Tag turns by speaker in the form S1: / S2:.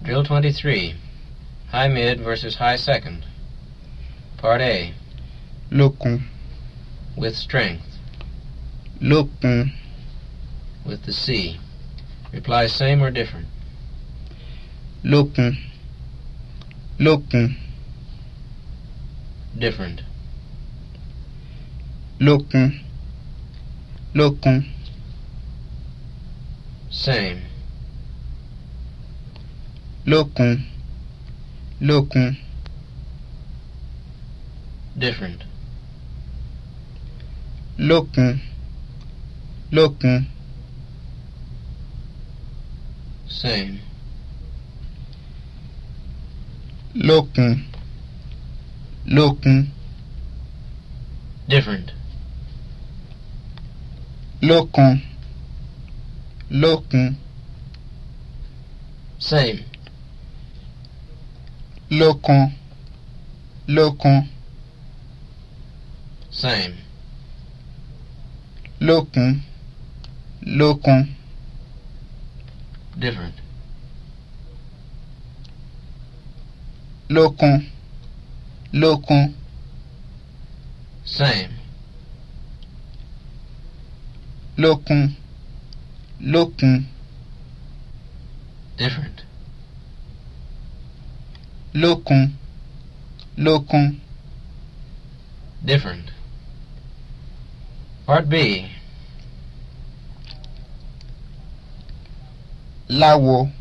S1: Drill 23. High mid versus high second. Part A. Looking. With strength.
S2: Looking.
S1: With the C. Reply same or different.
S2: Looking. Looking. Different. Looking. Looking. Same lókun lókun. different. lókun lókun. same. lókun lókun. different. lókun lókun. same. lókun lókun. same. lókun lókun. different. lókun lókun. same. lókun lókun. different lókun lókun.
S1: Different. Part B.
S2: Láwo.